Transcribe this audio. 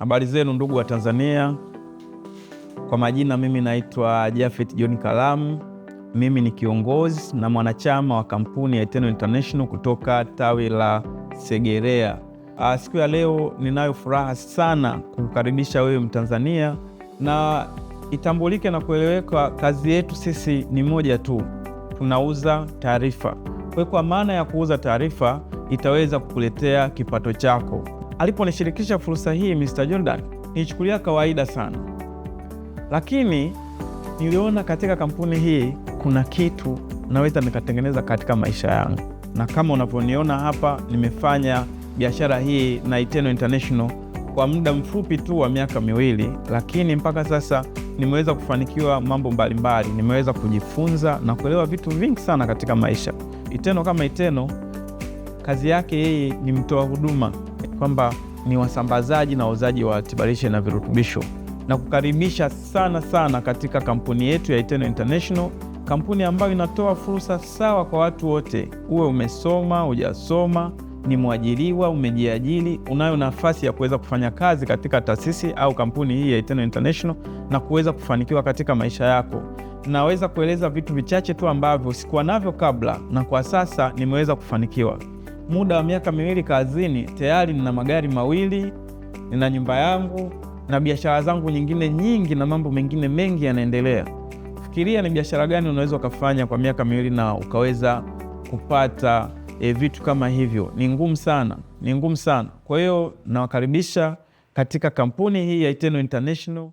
Habari zenu ndugu wa Tanzania. Kwa majina, mimi naitwa jafet John Kalamu. Mimi ni kiongozi na mwanachama wa kampuni ya Eternal International kutoka tawi la Segerea. Ah, siku ya leo ninayo furaha sana kukukaribisha wewe Mtanzania, na itambulike na kueleweka, kazi yetu sisi ni moja tu, tunauza taarifa. Kwa kwa maana ya kuuza taarifa, itaweza kukuletea kipato chako aliponishirikisha fursa hii Mr. Jordan, nilichukulia kawaida sana, lakini niliona katika kampuni hii kuna kitu naweza nikatengeneza katika maisha yangu, na kama unavyoniona hapa, nimefanya biashara hii na Iteno International kwa muda mfupi tu wa miaka miwili, lakini mpaka sasa nimeweza kufanikiwa mambo mbalimbali, nimeweza kujifunza na kuelewa vitu vingi sana katika maisha. iteno kama iteno kazi yake yeye ni mtoa huduma kwamba ni wasambazaji na wauzaji wa tiba lishe na virutubisho, na kukaribisha sana sana katika kampuni yetu ya Iteno International, kampuni ambayo inatoa fursa sawa kwa watu wote, uwe umesoma, hujasoma, ni mwajiriwa, umejiajiri, unayo nafasi ya kuweza kufanya kazi katika taasisi au kampuni hii ya Iteno International na kuweza kufanikiwa katika maisha yako. Naweza kueleza vitu vichache tu ambavyo sikuwa navyo kabla na kwa sasa nimeweza kufanikiwa muda wa miaka miwili kazini, tayari nina magari mawili, nina nyumba yangu na biashara zangu nyingine nyingi, na mambo mengine mengi yanaendelea. Fikiria ni biashara gani unaweza ukafanya kwa miaka miwili na ukaweza kupata e, vitu kama hivyo? Ni ngumu sana, ni ngumu sana. Kwa hiyo nawakaribisha katika kampuni hii ya Iteno International.